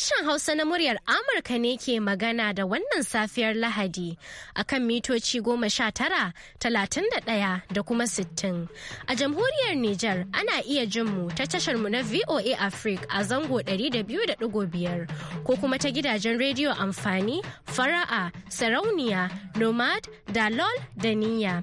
Sashen Hausa na muryar Amurka ne ke magana da wannan safiyar Lahadi a kan mitoci goma sha tara, talatin da ɗaya da kuma sittin. A jamhuriyar Nijar ana iya jinmu ta tashar mu na VOA Africa a zango da da biyu biyar, ko kuma ta gidajen rediyo amfani, fara'a, sarauniya, nomad, dalol da niyya.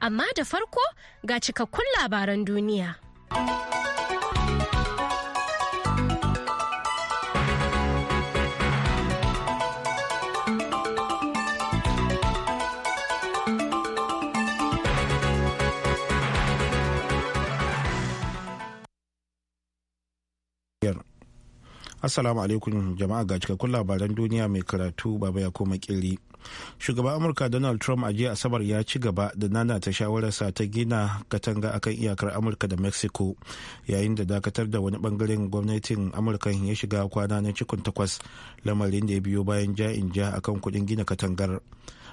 amma da farko ga cikakkun labaran duniya. Assalamu alaikum jama'a ga cikakkun labaran duniya mai karatu baba ya koma kiri. Shugaban Amurka Donald Trump a jiya Asabar ya ci gaba da nana ta shawararsa ta gina katanga akan iyakar Amurka da Mexico yayin da dakatar da wani bangaren gwamnatin Amurka ya shiga kwana na cikin takwas lamarin da ya biyo bayan ja in ja akan kuɗin gina katangar.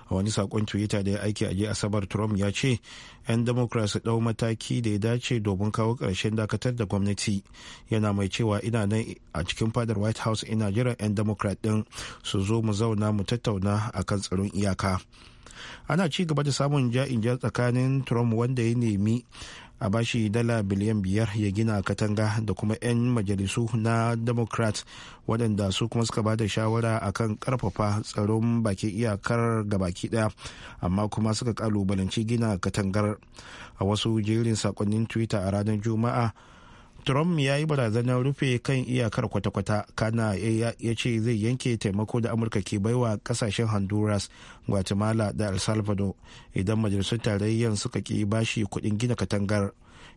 a wani sakon twitter da ya aiki a jiya asabar trump ya ce 'yan democrats su dau mataki da ya dace domin kawo karshen dakatar da gwamnati yana mai cewa ina nan a cikin fadar white house ina jiran 'yan democrat din su zo mu zauna mu tattauna akan tsaron iyaka ana ci gaba da samun ja'in ja tsakanin trump wanda ya nemi a bashi dala biliyan biyar ya gina katanga da kuma 'yan majalisu na democrat waɗanda su kuma suka ba da shawara a kan ƙarfafa tsaron bakin iyakar ga baki ɗaya amma kuma suka ƙalubalanci gina katangar a wasu jerin saƙonnin twitter a ranar juma'a trump ya yi barazanar rufe kan iyakar kwata-kwata kana ya ce zai yanke taimako da amurka ke baiwa kasashen honduras guatemala da el salvador idan majalisun tarayyan suka ki bashi kudin gina katangar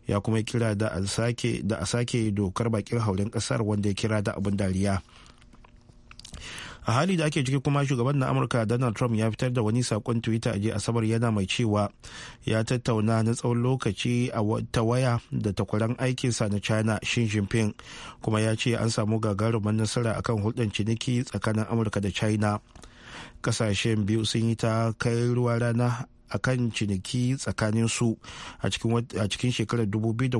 ya kuma kira da a sake dokar bakin haurin ƙasar wanda ya kira da abin dariya a hali da ake ciki kuma shugaban na amurka donald trump ya fitar da wani sakon twitter aje asabar yana mai cewa ya tattauna na tsawon lokaci a ta waya da takwaran aikinsa na china xi jinping kuma ya ce an samu gagarumar nasara akan hulɗar ciniki tsakanin amurka da china kasashen biyu sun yi ta kai ruwa rana akan ciniki tsakanin su a cikin shekarar 2018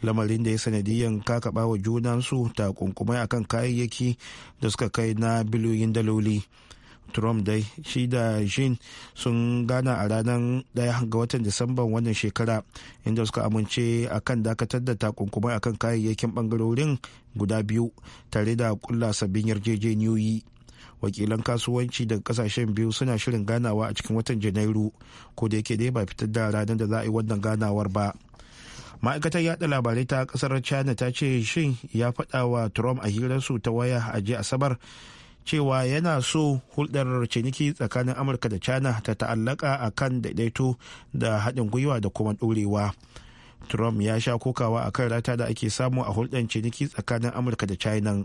lamarin da ya sanadiyan kakaba wa junan su ta kunkumai akan kayayyaki da suka kai na biliyoyin daloli trump dai shi da jin sun gana a ranar daya ga watan disamban wannan shekara inda suka amince akan dakatar da takunkumai akan kayayyakin bangarorin guda biyu tare da kulla sabbin yarjejeniyoyi wakilan kasuwanci daga kasashen biyu suna shirin ganawa a cikin watan janairu ko da yake dai ba fitar da ranar da za a yi wannan ganawar ba ma'aikatar yada labarai ta kasar china ta ce shin ya faɗa wa trump a hirar su ta waya a jiya asabar cewa yana so hulɗar ciniki tsakanin amurka da china ta ta'allaka a kan daidaito da haɗin gwiwa da kuma ɗorewa trump ya sha kokawa a kan rata da ake samu a hulɗar ciniki tsakanin amurka da china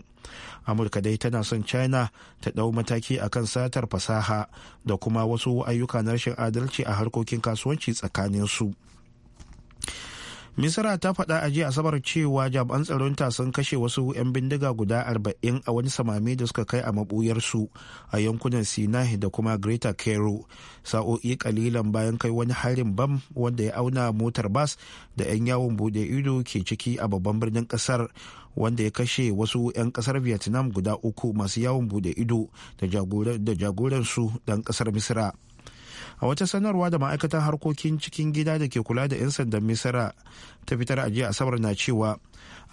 amurka dai tana son china ta ɗau mataki a kan satar fasaha da kuma wasu ayyuka na rashin adalci a harkokin kasuwanci tsakanin su misira ta faɗa a jiya asabar cewa jami'an ta sun kashe wasu 'yan bindiga guda 40 a wani samame da suka kai a maɓuyarsu a yankunan sinai da kuma greater cairo sa'o'i kalilan bayan kai wani harin bam wanda ya auna motar bas da 'yan yawon bude ido ke ciki a babban birnin ƙasar wanda ya kashe wasu 'yan ƙasar vietnam guda uku masu yawon bude ido da jagoransu dan ƙasar misira a wata sanarwa da ma'aikatan harkokin cikin gida da ke kula da 'yan sandan misira ta fitar a jiya asabar na cewa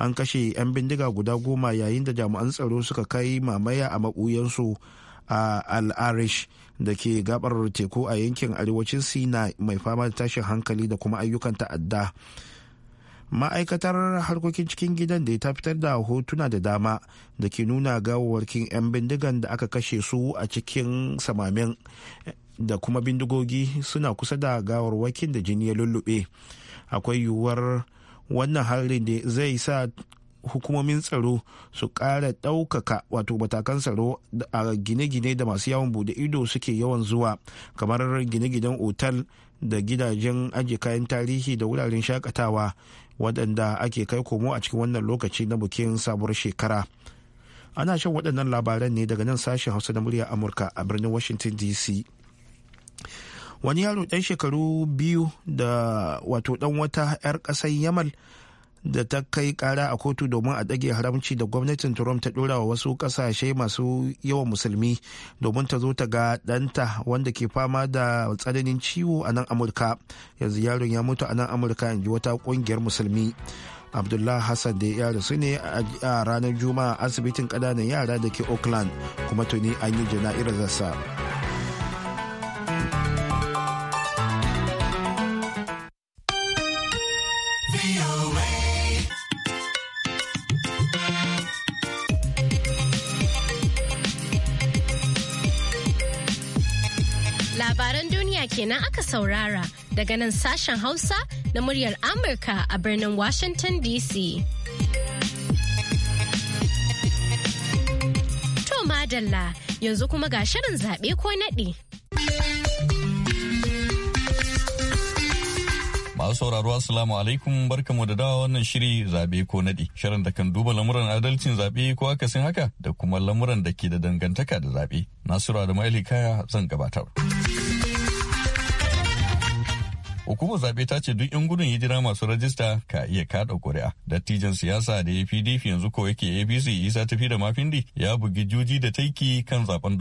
an kashe 'yan bindiga guda goma yayin da jami'an tsaro suka kai mamaya a maɓuyansu a al'arish da ke gabar teku a yankin arewacin sina mai fama da tashin hankali da kuma ayyukan ta'adda ma'aikatar harkokin cikin gidan da ta fitar da hotuna da dama da ke nuna gawawarkin 'yan bindigan da aka kashe su a cikin samamin da kuma bindigogi suna kusa da gawarwakin da jini ya lullube akwai yiwuwar wannan harin da zai sa hukumomin tsaro su kara ɗaukaka wato matakan tsaro a gine-gine da masu yawon bude ido suke yawan zuwa kamar gine-ginen otal da gidajen ajiye kayan tarihi da wuraren shakatawa waɗanda ake kai komo a cikin wannan lokaci na bukin sabuwar shekara ana shan waɗannan labaran ne daga nan sashen hausa na murya amurka a birnin washington dc wani yaro ɗan shekaru biyu da wato dan wata 'yar kasar yamal da ta kai kara a kotu domin a dage haramci da gwamnatin trump ta dora wa wasu kasashe masu yawan musulmi domin ta zo ta ga danta wanda ke fama da tsananin ciwo a nan amurka yanzu yaron ya mutu a nan amurka yanzu wata kungiyar musulmi abdullah hassan da ya rasu ne a ranar juma'a asibitin ƙananan yara da ke oakland kuma tuni an yi jana'irarsa. kenan aka saurara daga nan sashen Hausa na muryar Amurka a birnin Washington DC. To madalla yanzu kuma ga shirin zaɓe ko naɗi. Masu sauraro Assalamu alaikum barkamu da dawa wannan shiri zabe ko nadi shirin da kan duba lamuran adalcin zabe ko akasin haka da kuma lamuran da ke da dangantaka da zabe. Nasiru Adamu kaya zan gabatar. Hukumar zaɓe ta ce duk 'yan gudun hijira masu rajista ka iya kaɗa ƙuri'a. Dattijan siyasa da ya PDP yanzu ko yake APC Isa tafi da mafindi ya bugi juji da taiki kan zaben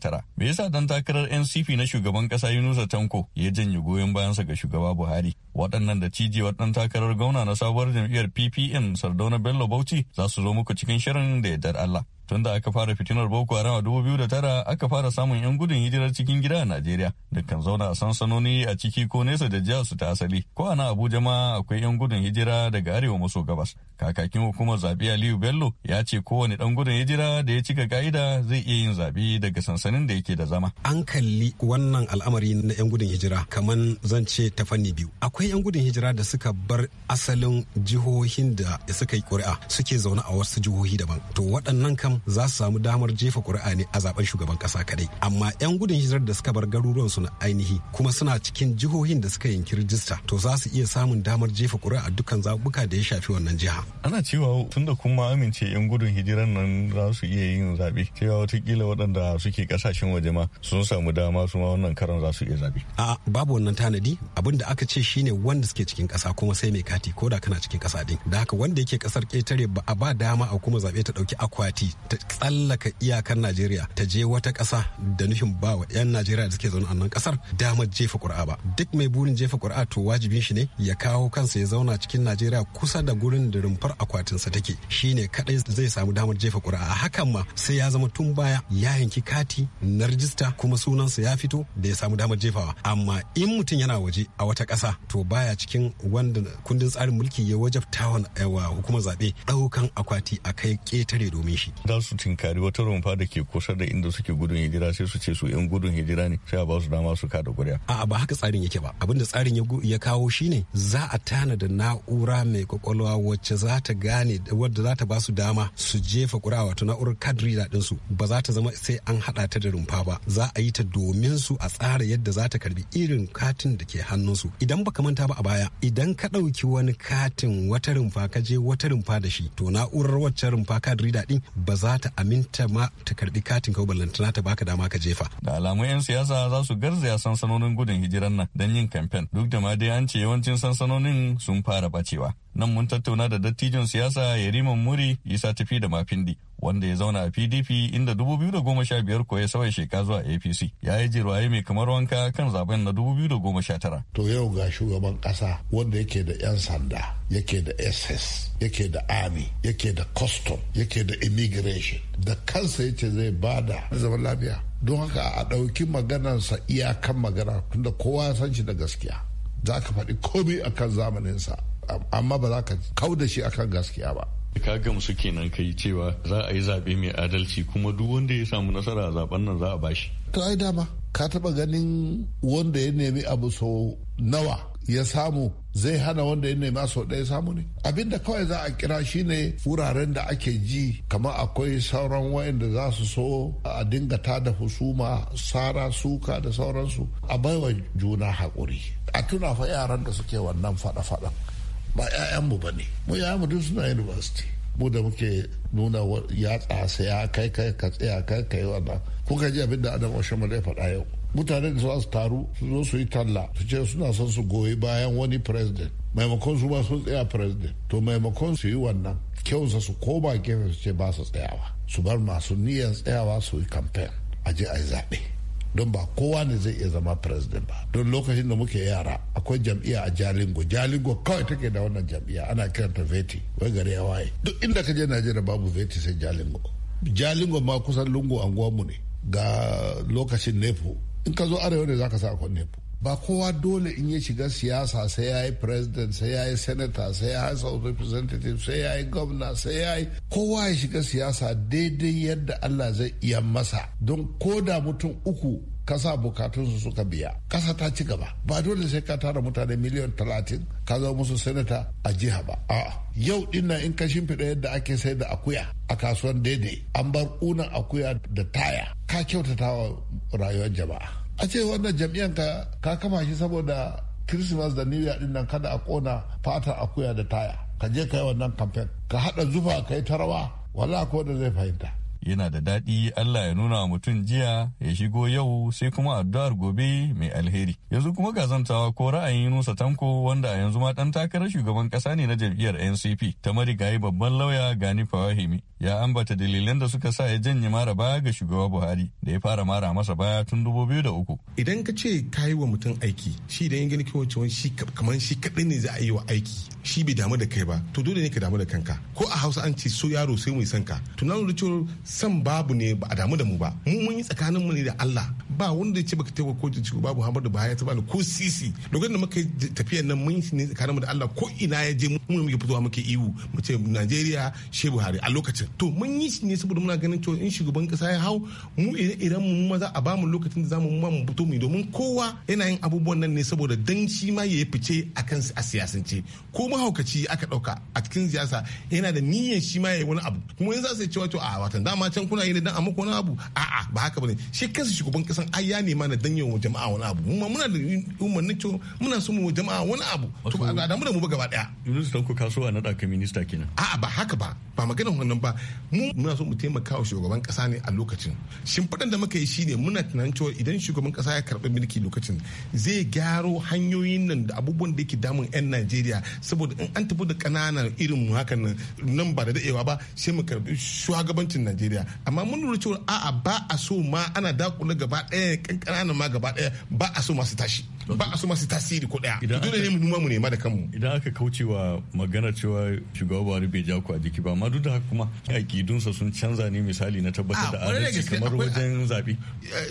tara. Me yasa dan takarar NCP na shugaban ƙasa Yunusa Tanko ya janye goyon bayansa ga shugaba Buhari? Waɗannan da ciji ɗan takarar gauna na sabuwar jam'iyyar PPN Sardauna Bello Bauchi za su zo muku cikin shirin da yardar Allah. tunda aka fara fitinar boko haram a tara aka fara samun 'yan gudun hijirar cikin gida a najeriya dukkan zauna a sansanoni a ciki ko nesa da jihar su ta asali ko a abuja ma akwai 'yan gudun hijira daga arewa maso gabas kakakin hukumar zabi aliyu bello ya ce kowane dan gudun hijira da ya cika ka'ida zai iya yin zabi daga sansanin da yake da zama an kalli wannan al'amari na 'yan gudun hijira kamar zan ce ta fanni biyu akwai 'yan gudun hijira da suka bar asalin jihohin da suka yi ƙuri'a suke zaune a wasu jihohi daban to waɗannan kama. nan za su samu damar jefa ƙuri'a ne a zaben shugaban ƙasa kadai amma 'yan gudun hijirar da suka bar garuruwan su na ainihi kuma suna cikin jihohin da suka yanki rijista to za su iya samun damar jefa ƙuri'a dukkan zabuka da ya shafi wannan jiha ana cewa tun da kuma amince 'yan gudun hijirar nan za su iya yin zaɓe cewa watakila waɗanda suke ƙasashen waje ma sun samu dama su ma wannan karan za su iya zaɓe a babu wannan tanadi abin da aka ce shine wanda suke cikin ƙasa kuma sai mai kati ko da kana cikin ƙasa din da haka wanda yake ƙasar ƙetare ba a ba dama a kuma zaɓe ta ɗauki akwati ta tsallaka iyakar najeriya ta je wata ƙasa da nufin ba wa 'yan najeriya da suke zaune a nan ƙasar damar jefa ƙuri'a ba duk mai burin jefa ƙuri'a to wajibin shi ne ya kawo kansa ya zauna cikin najeriya kusa da gurin da rumfar akwatinsa take ne kadai zai samu damar jefa ƙuri'a hakan ma sai ya zama tun baya ya yanki kati na rijista kuma sunansa ya fito da ya samu damar jefawa amma in mutum yana waje a wata ƙasa to baya cikin wanda kundin tsarin mulki ya wajabta eh, wa hukumar zaɓe ɗaukan akwati a kai ƙetare domin shi za su tinkari wata rumfa da ke kusa da inda suke gudun hijira sai su ce su yan gudun hijira ne sai a ba su dama su kada a'a ba haka tsarin yake ba da tsarin ya kawo shine za a tana da na'ura mai kwakwalwa wacce za ta gane wadda za ta ba su dama su jefa kura wato na'urar kadri da su ba za ta zama sai an haɗa ta da rumfa ba za a yi ta domin su a tsara yadda za ta karbi irin katin da ke hannunsu idan baka manta ba a baya idan ka ɗauki wani katin wata rumfa ka je wata rumfa da shi to na'urar wacce rumfa kadri da din ba za ta aminta ma ta karbi katin kawai ballantana ta baka dama ka jefa. Da alamu 'yan siyasa za su garzaya sansanonin gudun hijiran nan don yin kamfen duk da ma dai an ce yawancin sansanonin sun fara bacewa. Nan mun tattauna da dattijon siyasa Yariman Muri Isa Tafi da Mafindi wanda ya zauna a pdp inda 2015 ko ya sauya sheka zuwa apc ya yi jirwaye mai kamar wanka kan zaben na 2019 to yau ga shugaban kasa wanda yake da 'yan sanda yake da ss yake da army yake da custom yake da immigration da kansa yace zai bada zaman lafiya don haka a ɗauki maganarsa iyakan magana tunda kowa san shi da gaskiya za ka faɗi komai akan zamaninsa amma ba za ka kau da shi akan gaskiya ba ka gamsu kenan kai cewa za a yi zaɓe mai adalci kuma duk wanda ya samu nasara a zaben nan za a bashi to ai dama ka taɓa ganin wanda ya nemi abu sau nawa ya samu zai hana wanda ya nema sau ɗaya samu ne abinda kawai za a kira shine wuraren da ake ji kamar akwai sauran wayanda za su so a dinga ta da husuma sara suka da sauransu a baiwa juna haƙuri a tuna fa yaran da suke wannan faɗa-faɗan ba 'ya'yanmu ba ne mu mu duk suna university mu da muke nuna ya tsasa ya kai kai ka tsaya kai kai wannan kuka ji abin da adam mu ya faɗa yau mutane da su taru su zo su yi talla su ce suna son su goyi bayan wani president maimakon su ba sun tsaya president to maimakon su yi wannan kyausa su koma gefe su ce ba su tsayawa su bar masu niyyar tsayawa su yi campaign a je a yi zaɓe don ba kowa ne zai iya zama president ba don lokacin da muke yara akwai jam'iya a jalingo jalingo kawai take da wannan jam'iya ana kiranta veti wai gare ya waye duk inda ka je najeriya babu veti sai jalingo jalingo ma kusan lungu anguwanmu ne ga lokacin nepo in ka zo arewa ne zaka sa akwai nepo ba kowa dole in ya shiga siyasa sai ya yi president sai ya yi senator sai ya yi house representative sai ya yi governor sai ya yi kowa ya shiga siyasa daidai yadda allah zai iya masa don ko da mutum uku kasa bukatunsu suka biya kasa ta ci gaba ba dole sai ka tara mutane miliyan talatin ka zama musu sanata a jiha ba a'a yau dinnan in ka shimfiɗa yadda ake sai da akuya a kasuwan daidai an bar ƙunan akuya da taya ka kyautata wa rayuwar jama'a a ce wannan jam'iyyar ka ka kama shi saboda christmas da new year din nan kada a kona fatar akuya da taya ka je ka yi wannan kamfen ka haɗa zufa ka yi ta wala ko da zai fahimta yana da daɗi Allah ya nuna wa mutum jiya ya shigo yau sai kuma addu'ar gobe mai alheri yanzu kuma ga zantawa ko ra'ayin Yunusa Tanko wanda a yanzu ma ɗan takarar shugaban ƙasa ne na jam'iyyar NCP ta marigayi babban lauya Gani Fawahimi ya ambata dalilan da suka sa ya janye mara baya ga shugaba Buhari da ya fara mara masa baya tun uku. Idan ka ce ka yi wa mutum aiki shi da gani kawai cewa shi kamar shi kaɗai ne za a yi wa aiki shi bai damu da kai ba to dole ne ka damu da kanka ko a Hausa an ce so yaro sai mai sanka to na san babu ne ba a damu da mu ba mu mun yi tsakanin mu ne da Allah ba wanda ya ce baka taimaka ko jiji babu Muhammadu Buhari ya bani ko sisi lokacin da muka tafiya na nan mun yi ne tsakanin mu da Allah ko ina ya je mu muke fitowa muke iwu mu ce Najeriya she Buhari a lokacin to mun yi shi ne saboda muna ganin cewa in shugaban kasa ya hau mu ire-iren mu maza a bamu lokacin da zamu mu mu fito mu domin kowa yana yin abubuwan nan ne saboda dan shi ma ya fice akan a siyasance ko mahaukaci aka dauka a cikin siyasa yana da niyyar shi ma ya yi wani abu kuma yanzu za su cewa to a watan dama ma can kuna yi ne dan a muku wani abu a'a ba haka bane shi kansa shugaban kasan ai ya nema na dan yawan jama'a wani abu mu muna da umarnin cewa muna so mu jama'a wani abu to ba da mu da mu ba gaba daya Yunus ku kasuwa na daka minista kenan a'a ba haka ba ba magana wannan ba mu muna so mu taimaka wa shugaban kasa ne a lokacin fadan da muka yi shine muna tunanin cewa idan shugaban kasa ya karbi mulki lokacin zai gyaro hanyoyin nan da abubuwan da yake damun 'yan Najeriya saboda in an tafi da ƙananan irin mu hakan nan ba da daɗewa ba sai mu karbi shugabancin Najeriya Najeriya amma mun lura cewa a'a ba a so ma ana dakula gaba ɗaya kankana ma gaba ɗaya ba a so masu tashi ba a so masu tasiri ko daya dole ne mu mu nema da kanmu idan aka kauce wa magana cewa shugaba Buhari bai ja ku a jiki ba amma duk da haka kuma sa sun canza ne misali na tabbatar da adalci kamar wajen zabi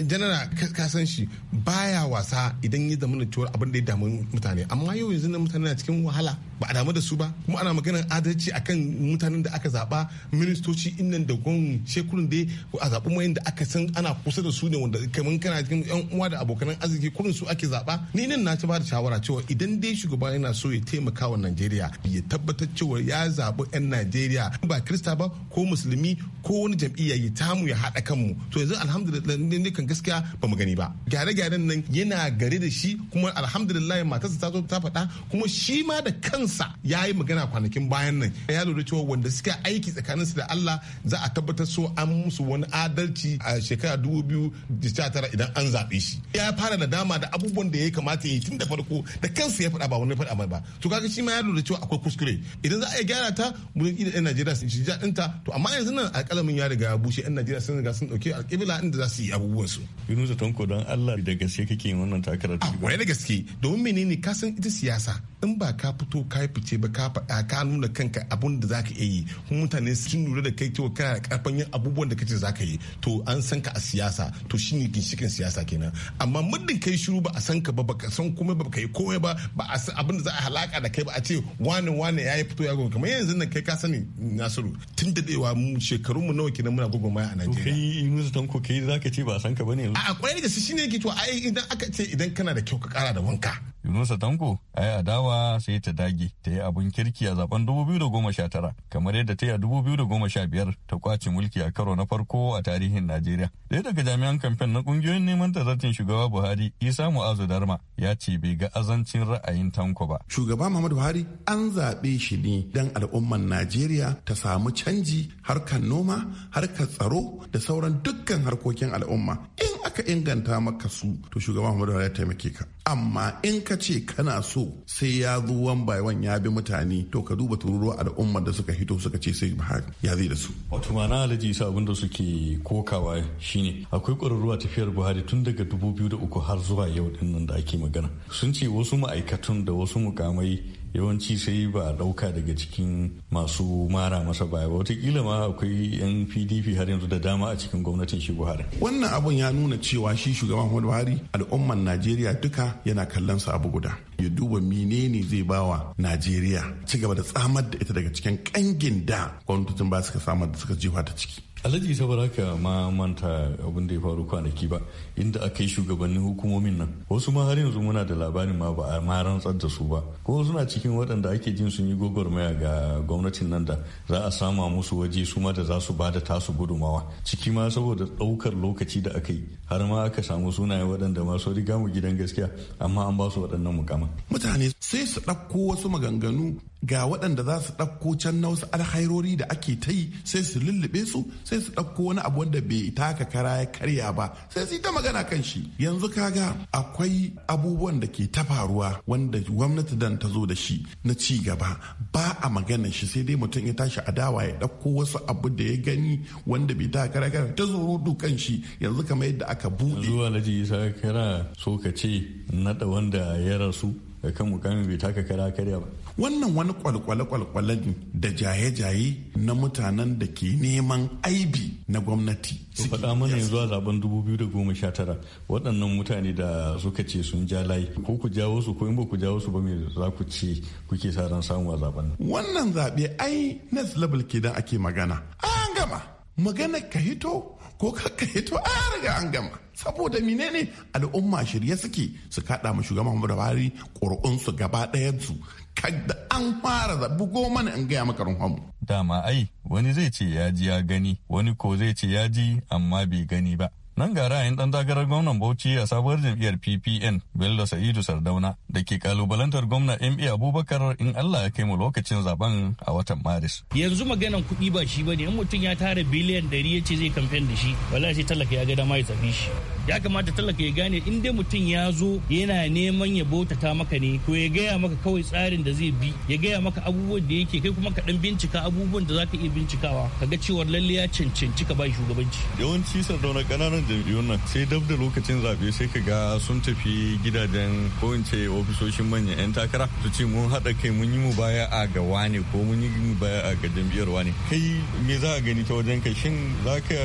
janara eh, ka san shi baya wasa idan ya zama cewa abin da ya damu mutane amma yau yanzu na mutane na cikin wahala ba a damu da su ba kuma ana magana adalci akan mutanen da aka zaba ministoci innan da gon shekulun da a zaɓi mayan da aka san ana kusa da su ne wanda kamar kana cikin yan uwa da abokan arziki kurin su ake zaba ni nan na ci ba da shawara cewa idan dai shugaba yana so ya taimaka wa Najeriya ya tabbatar cewa ya zabi 'yan Najeriya ba Kirista ba ko Musulmi ko wani jam'iyya ya tamu ya haɗa kanmu to yanzu alhamdulillah ne kan gaskiya ba mu gani ba gyare-gyaren nan yana gare da shi kuma alhamdulillah matarsa ta zo ta faɗa kuma shi ma da kansa ya yi magana kwanakin bayan nan ya lura cewa wanda suka aiki tsakanin tsakaninsu da Allah za a tabbatar so an musu wani adalci a shekara 2019 idan an zaɓe shi ya fara nadama da abubuwan da ya ya kamata ya yi tun da farko da kansa ya faɗa ba wani faɗa mai ba to kaga shi ma ya lura cewa akwai kuskure idan za a gyara ta mun yi ɗan Najeriya su ji daɗin ta to amma yanzu nan alƙalamin ya riga ya bushe ɗan Najeriya sun riga sun ɗauki alƙibla inda za su yi abubuwan su da Tanko don Allah da gaske kake yin wannan takarar a ah, wai da gaske domin menene ka san ita siyasa in ba ka fito ka fice ba ka faɗa ka nuna kanka abun da zaka iya yi kuma mutane sun lura da kai cewa kana da karfin yin abubuwan da kace zaka yi to an san ka a siyasa to shine ginshikin siyasa kenan amma muddin kai shiru ba a san ka ba ba baka san komai ba baka yi komai ba ba a san abin da za a halaka da kai ba a ce wani wani ya yi fito ya gogo kamar yanzu nan kai ka sani Nasiru tun da daewa mu shekarun mu nawa kenan muna gogo mai a Najeriya kai Yunusu Tanko kai zaka ce ba san ka bane a kwarai da shi shine yake to ai idan aka ce idan kana da kyau ka kara da wanka Yunusa Tanko a yi adawa sai ta dage ta yi abin kirki a zaben 2019 kamar yadda ta yi a 2015 ta kwace mulki a karo na farko a tarihin Najeriya. Daya daga jami'an kamfen na ƙungiyoyin neman zartin shugaba Buhari Isa Mu'azu Darma ya ce bai ga azancin ra'ayin Tanko ba. Shugaba Muhammadu Buhari an zaɓe shi ne don al'ummar Najeriya ta samu canji harkar noma, harkar tsaro da sauran dukkan harkokin al'umma. aka inganta maka su to shugaban muhammadu ya taimake ka amma in ka ce kana so sai ya zo wan by wan ya bi mutane to ka duba tururuwa al'ummar da suka hito suka ce sai buhari ya zai da su wato na alaji abin da suke kokawa shine akwai a tafiyar buhari tun daga dubu biyu da uku har zuwa yau din nan da ake magana sun ce wasu ma'aikatun da wasu mukamai yawanci sai ba a ɗauka daga cikin masu mara masa baya ba watakila ma akwai yan pdp har yanzu da dama a cikin gwamnatin shi buhari wannan abun ya nuna cewa shi shugaban buhari al'umman najeriya duka yana kallon sa abu guda ya duba menene zai bawa najeriya ci gaba da tsamar da ita daga cikin kangin da gwamnatin ba suka samar da suka jefa ta ciki alhaji saboda haka ma manta abin da ya faru kwanaki ba inda aka yi shugabannin hukumomin nan wasu ma har yanzu muna da labarin ma ba a ma rantsar da su ba ko suna cikin waɗanda ake jin sun yi gwagwarmaya ga gwamnatin nan da za a sama musu waje su ma da za su bada tasu gudumawa ciki ma saboda ɗaukar lokaci da aka yi har ma aka samu sunaye waɗanda ma sun riga mu gidan gaskiya amma an ba su waɗannan mukama mutane sai su ɗauko wasu maganganu ga waɗanda za su ɗauko can na wasu alhairori da ake ta yi sai su lullube su sai su ɗauko wani abu wanda bai taka kara ya karya ba sai su yi ta magana kan shi yanzu kaga akwai abubuwan da ke ta faruwa wanda gwamnati dan ta zo da shi na ci gaba ba a magana shi sai dai mutum ya tashi a dawa ya ɗauko wasu abu da ya gani wanda bai taka kara kara ta zoro dukan shi yanzu kamar yadda aka buɗe. zuwa ji isa kira so ka ce naɗa wanda ya rasu da kan mukamin bai taka kara karya ba wannan wani kwalkwale-kwalkwale ne da jaye-jaye na mutanen da ke neman aibi na gwamnati su faɗa mana yanzu a zaben 2019 waɗannan mutane da suka ce sun ja layi ko ku jawo su ko in ba ku jawo su ba me za ku ce kuke sa ran samu a zaben wannan zaɓe ai next level kidan ake magana an gama magana ka hito ko kakkaye to a riga an gama saboda menene al'umma shirye suke su kaɗa ma shugaban Muhammadu Buhari su gaba su kada an fara da bugo mana in gaya maka runhamu. Dama ai wani zai ce ya ji ya gani wani ko zai ce ya ji amma bai gani ba. Nan ga ra'ayin ɗan takarar gwamnan Bauchi a sabuwar jam'iyyar PPN Bello Sa'idu Sardauna da ke kalubalantar gwamna MA Abubakar in Allah ya kai mu lokacin zaben a watan Maris. Yanzu maganan kuɗi ba shi ba ne in mutum ya tara biliyan ɗari ya ce zai kamfen da shi wallahi sai talaka ya ga dama ya tafi shi. Ya kamata talaka ya gane in dai mutum ya zo yana neman ya bautata maka ne ko ya gaya maka kawai tsarin da zai bi ya gaya maka abubuwan da yake kai kuma ka ɗan bincika abubuwan da za ka iya bincikawa ka ga cewar lalle ya cancanci ka ba shugabanci. Yawanci sardauna ƙananan jam'iyyun nan sai dab da lokacin zaɓe sai ka ga sun tafi gidajen ko in ce ofisoshin manyan 'yan takara su ce mun haɗa kai mun yi mu baya a ga wane ko mun yi mu baya a ga jam'iyyar wane kai me za a gani ta wajen kai shin za ka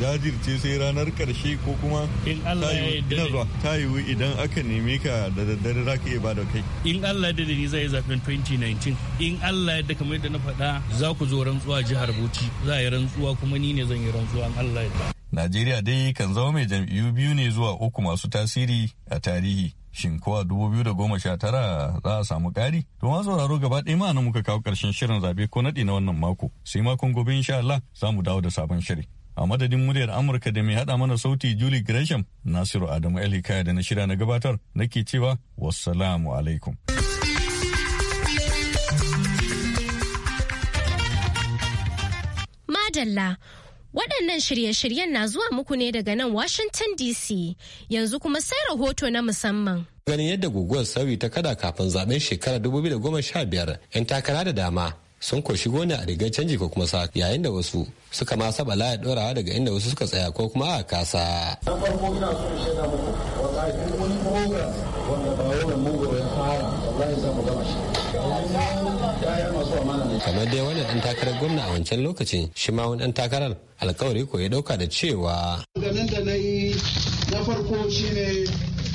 jajirce sai ranar ƙarshe ko kuma ta yiwu idan aka neme ka da daddare za ka iya ba da kai in Allah da ni zai zaɓen 2019 in Allah da kamar yadda na faɗa za ku zo rantsuwa jihar Bauchi za a yi rantsuwa kuma ni ne zan yi rantsuwa in Allah ya Najeriya dai kan zama mai jam'iyyu biyu ne zuwa uku masu tasiri a tarihi. Shin kowa dubu biyu da goma sha tara za a samu ƙari? To ma sauraro gaba ɗaya ma muka kawo ƙarshen shirin zabe ko naɗi na wannan mako. Sai makon gobe insha Allah za mu dawo da sabon shiri. A madadin muryar Amurka da mai haɗa mana sauti Julie Gresham, Nasiru Adamu Kaya da na shirya na gabatar nake cewa wassalamu alaikum. Madalla Waɗannan shirye-shiryen na zuwa muku ne daga nan Washington DC yanzu kuma sai rahoto na musamman. Ganin yadda guguwar sauyi ta kada kafin zaben shekarar 2015 'yan takara da dama sun koshi shigo a rigar canji ko kuma sa yayin da wasu suka masa saba laya dorawa daga inda wasu suka tsaya ko kuma a kasa. Na farko ina shaida muku wata wani program kamar dai wannan dan takarar gwamna a wancan lokacin shi ma wani dan takarar alkawari ko ya dauka da cewa ganin da na yi na farko shine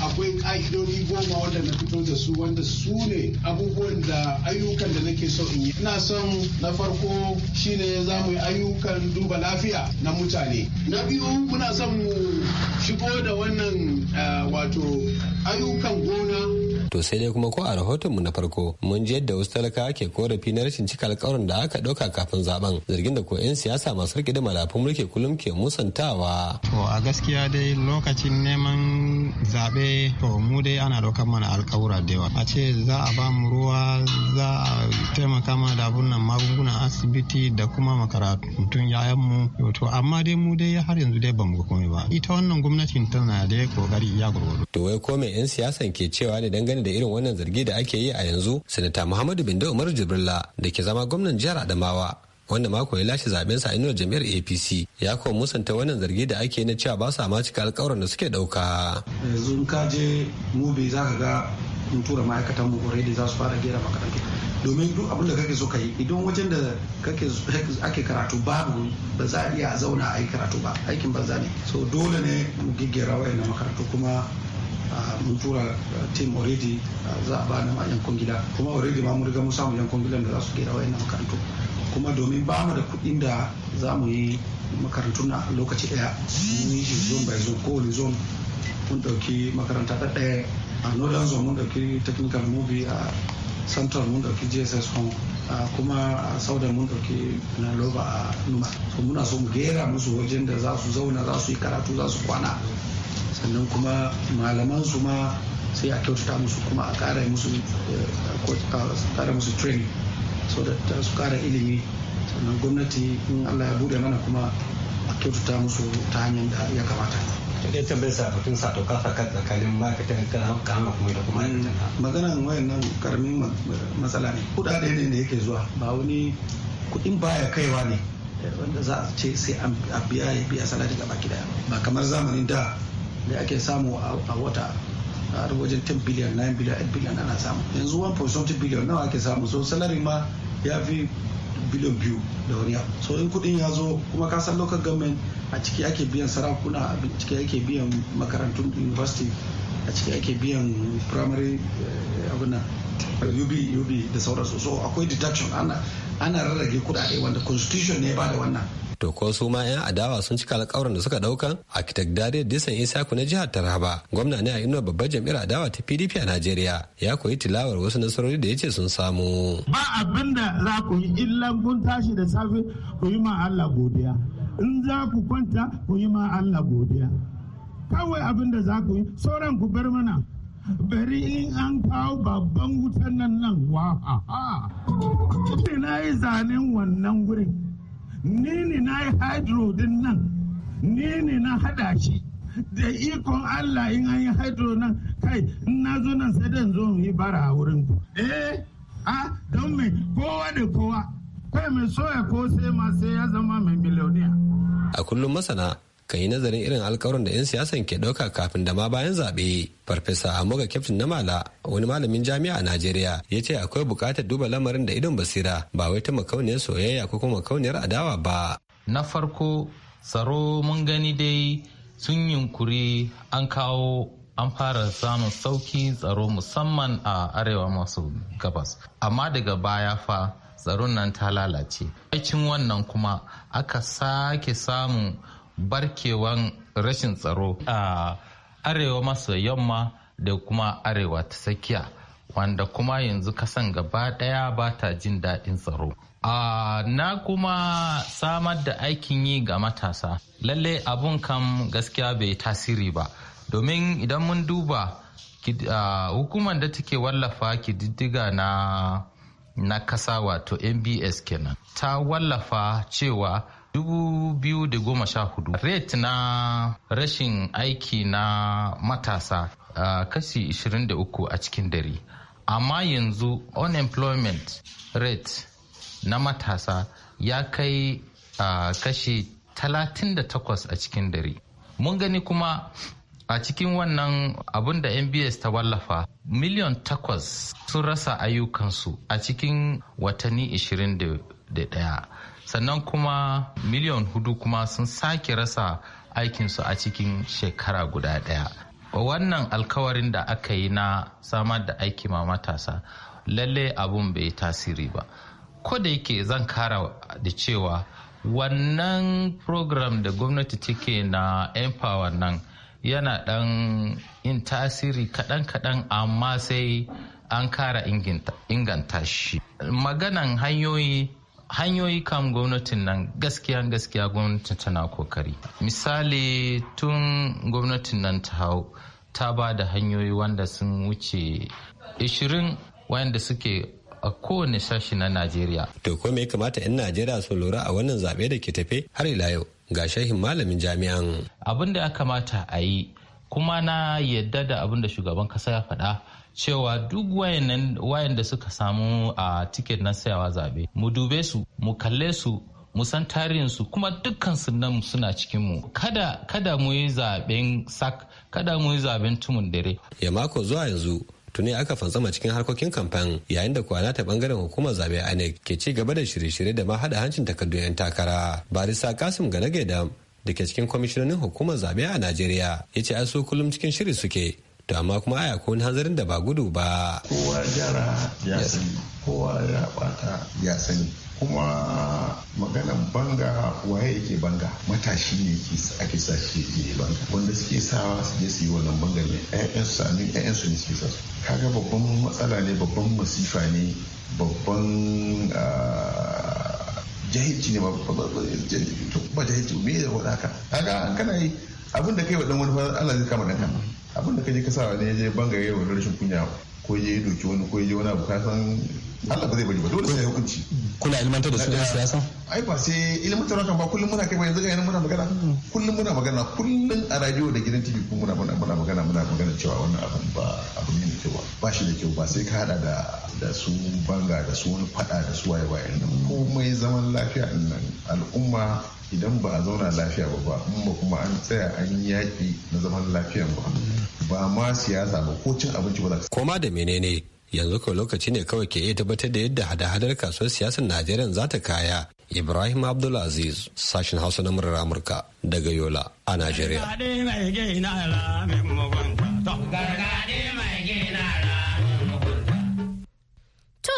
akwai ka'idodi goma wanda na fito da su wanda su ne abubuwan da ayyukan da nake so in yi ina son na farko shine za mu yi ayyukan duba lafiya na mutane na biyu muna son mu shigo da wannan eh, wato ayyukan gona to sai dai kuma ko a rahotonmu na farko mun ji yadda wasu talakawa ke korafi na rashin cika alkawarin da aka ɗauka kafin zaben zargin da ko 'yan siyasa masu rike da malafin mulki kullum ke musantawa. to a gaskiya dai lokacin neman zaɓe to mu dai ana ɗaukar mana alkawura da yawa a ce za a ba mu ruwa za a taimaka mana da abun nan magungunan asibiti da kuma makarantun yayanmu to amma dai mu dai har yanzu dai ba mu komai ba ita wannan gwamnatin tana da kokari ya gurgudu. to wai ko mai 'yan siyasan ke cewa ne dangane da irin wannan zargi da ake yi a yanzu sanata muhammadu bindo umar jibrila da ke zama gwamnan jihar adamawa wanda mako ya lashe zaben sa inuwar jami'ar apc ya kuma musanta wannan zargi da ake na cewa ba su ma cika alkawarin da suke dauka yanzu ka je mubi za ka ga mun tura ma'aikatan mu already za su fara gera makarantu domin duk abin da kake so ka yi idan wajen da kake ake karatu babu ba za a iya zauna a yi karatu ba aikin banza ne so dole ne mu giggera wayannan makarantu kuma Ah, mun tura ah, team already ah, za a ba ma yankun gida kuma already ma mun riga mun samu yan kungilan da za su gera wayannan makarantu kuma domin ba mu da kuɗin da za mu yi makarantun na lokaci daya mun yi shi zone by zone kowane zone mun ɗauki makaranta ɗaya a northern zone mun ɗauki technical movie a central mun ɗauki jss home kuma a southern mun ɗauki na loba a numa so muna so mu gera musu wajen da za su zauna za su yi karatu za su kwana sannan kuma malaman su ma sai a kyautata musu kuma a kara musu eh, musu training so da su kara ilimi sannan gwamnati in allah ya bude mana kuma a kyautata musu ta hanyar da ya kamata da tambayar sa batun sa doka fakat tsakanin ka kama kuma da kuma mm, maganan wayan nan karamin matsala ne kudade ne da yake zuwa ba wani kudin baya kaiwa ne eh, wanda za a ce sai a biya ya biya salari baki daya ba kamar zamanin da da ake samu a wata har wajen 10 biliyan 9 biliyan 8 biliyan ana samu yanzu 1.7 biliyan nawa ake samu so salari ma ya fi biliyan biyu da wani abu so in kudin ya zo kuma ka san local government a ciki ake biyan sarakuna a ciki ake biyan makarantun university a ciki ake biyan primary eh, abuna ub ub da sauransu so akwai deduction ana ana rarrage kudade wanda constitution ne ba da wannan to ko su ma 'yan adawa sun cika alƙawarin da suka ɗauka architect dare disan isaku na jihar taraba gwamna ne a ino babbar jam'iyyar adawa ta pdp a najeriya ya koyi tilawar wasu nasarori da yace sun samu ba abin da za ku yi illa kun tashi da safe ku yi ma allah godiya in za ku kwanta ku yi ma allah godiya kawai abin da za ku yi sauran ku bar mana bari in an kawo babban wutan nan nan wa ha ha na yi zanen wannan gurin ni ne na yi hydro din nan ni ne na hada shi da ikon Allah in an yi hydro nan kai in na zo nan sai dan zo yi bara a wurin ku eh a don me kowa da kowa kai mai soya ko sai ma sai ya zama mai miliyoniya a kullum masana kan yi nazarin irin alkawarin da 'yan siyasan ke ɗauka kafin da ma bayan zaɓe. Farfesa Amoga Captain na Mala, wani malamin jami'a a Najeriya, ya ce akwai buƙatar duba lamarin da idon basira ba wai ta makauniyar soyayya ko kuma makauniyar adawa ba. Na farko tsaro mun gani dai sun yunkuri an kawo an fara samun sauki tsaro musamman a arewa maso gabas amma daga baya fa tsaron nan ta lalace. Aikin wannan kuma aka sake samun barkewan rashin tsaro a arewa maso yamma da kuma arewa ta tsakiya wanda kuma yanzu kasan gaba daya ba ta jin daɗin tsaro a na kuma samar da aikin yi ga matasa lalle abun kan gaskiya bai tasiri ba domin idan mun duba hukumar da take wallafa kididdiga na na kasa wato mbs kenan ta wallafa cewa 2014 rate na rashin aiki na matasa uh, kashi 23 a cikin dare amma yanzu unemployment rate na matasa ya kai uh, kashi 38 a cikin dare mun gani kuma a cikin wannan abin da mbs ta wallafa miliyan takwas sun rasa ayyukansu a cikin watanni 21 sannan kuma miliyan hudu kuma sun sake rasa aikinsu a cikin shekara guda ɗaya wannan alkawarin da aka yi na samar da aiki ma matasa lalle abun bai tasiri ba ko da yake zan kara da cewa wannan program da gwamnati take na empower nan yana dan yin tasiri kaɗan-kaɗan amma sai an kara inganta shi maganan hanyoyi hanyoyi kam gwamnatin nan gaskiya gaskiya gwamnatin tana kokari misali tun gwamnatin nan ta hau ta ba da hanyoyi wanda sun wuce 20 wanda suke a kowane sashi na najeriya to ko me kamata 'yan najeriya su lura a wannan zaɓe da ke tafe har ila yau ga shehin malamin jami'an abin da ya kamata a yi kuma na yadda da abin da shugaban kasa ya faɗa cewa duk wayan da suka samu a tiket na sayawa zabe mu dube su mu kalle su mu san tarihinsu kuma dukkan su nan suna cikin mu kada kada mu yi zaben sak kada mu yi zaben tumun dare ya mako zuwa yanzu tuni aka fantsama cikin harkokin kamfan yayin da kwana ta bangaren hukumar zabe INEC ke ci gaba da shirye-shirye da ma hada hancin takardu 'yan takara barisa kasim ganagedam da ke cikin kwamishinanin hukumar zabe a najeriya ya ce su kullum cikin shiri suke to amma kuma aya ko hanzarin da ba gudu ba kowa jara ya sani kowa ya bata ya sani kuma maganan banga waye yake banga matashi ne ake sa shi yake banga wanda suke sawa su je su yi wannan banga ne ayyan su sami ayyan su ne suke sa kaga babban matsala ne babban masifa ne babban ah, jahilci ne ba jahilci me da wadaka kaga an kana yi abin da kai wa dan wani Allah zai kama dan kama abinda ka je ka sa wani ya je bangare wani rashin kunya ko ya yi doki wani ko ya je wani abu ka san Allah ba zai bari ba dole sai hukunci kuna ilmantar da su da siyasa ai ba sai ilmantar kan ba kullum muna kai ba yanzu ga yanzu muna magana kullum muna magana kullum a radio da gidan TV kuma muna muna magana muna magana cewa wannan abin ba abin ne da ba shi da kyau ba sai ka hada da da su banga da su wani fada da su waye waye nan komai zaman lafiya nan al'umma idan ba a zauna lafiya ba ba in ba kuma an tsaya an yaƙi na zaman lafiyan ba ba ma siyasa ba ko cin abinci ba koma da menene yanzu ko lokaci ne kawai ke iya tabbatar da yadda hada-hadar kasuwar siyasar najeriya za ta kaya ibrahim abdulaziz sashen hausa na murar amurka daga yola a najeriya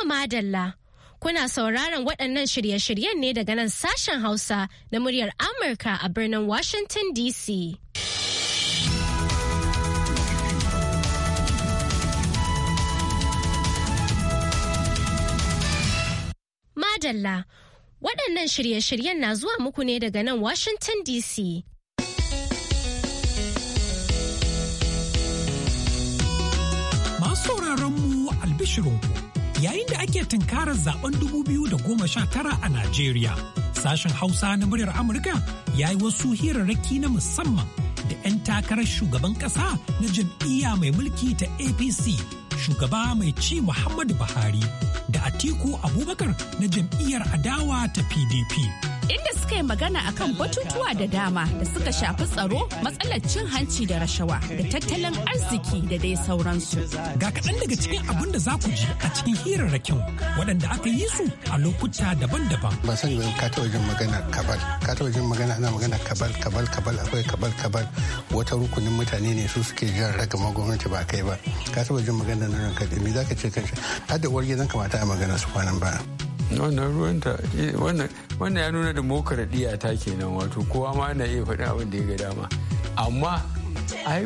madalla. Kuna sauraron waɗannan shirye-shiryen ne daga nan sashen Hausa na muryar Amurka a birnin Washington DC. Madalla, waɗannan shirye-shiryen na zuwa muku ne daga nan Washington DC. Masu sauraron mu albishirinku. Yayin da ake tunkarar zaben 2019 a Najeriya, sashen Hausa na muryar Amurka ya yi wasu hirarraki na musamman da 'yan takarar shugaban ƙasa na jam'iyya mai mulki ta APC, shugaba mai ci Muhammadu Buhari da Atiku Abubakar na jam'iyyar adawa ta PDP. inda suka yi magana akan batutuwa da dama da suka shafi tsaro matsalar cin hanci da rashawa da tattalin arziki da dai sauransu. Ga kaɗan daga cikin abin da za ku ji a cikin hirarrakin waɗanda aka yi su a lokuta daban-daban. Ba sani ba ka taɓa jin magana kabal, ka taɓa jin magana ana magana kabal kabal kabal akwai kabal kabal wata rukunin mutane ne su suke jan ragama gwamnati ba kai ba. Ka taɓa jin magana na ranka me za ka ce kan shi har da uwar gidan kamata a magana su kwanan ba. wannan ruwanta eh, wannan ya nuna da demokaradiyya ta kenan wato kowa ma na iya faɗi abin da ya ga dama amma ai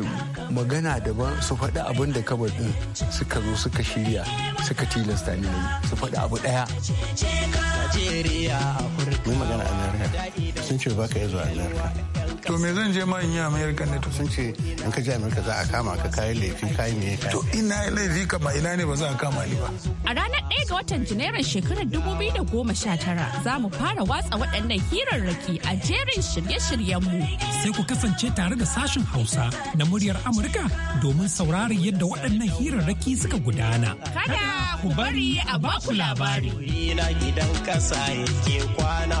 magana daban su faɗi abin da kabar ɗin suka zo suka shirya suka tilasta ni yi su faɗi abu ɗaya mun magana amerika sun ce ba ka yi zuwa amerika to me zan je ma in yi amerika ne to sun ce in ka je amerika za a kama ka kayi laifi kayi ne to ina laifi kama ina ne ba za a kama ni ba a ranar ɗaya ga watan janairun shekarar dubu biyu da goma sha tara, za mu fara watsa waɗannan hirarraki a jerin shirye shiryen mu sai ku kasance tare da sashen hausa na muryar amurka domin sauraron yadda waɗannan hirarraki suka gudana kada ku bari a baku labari. na gidan ƙasa yake kwana.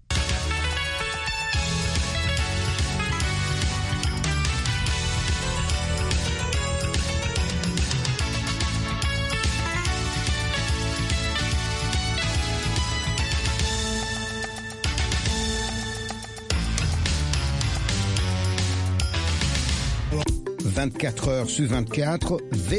24 heures sur 24.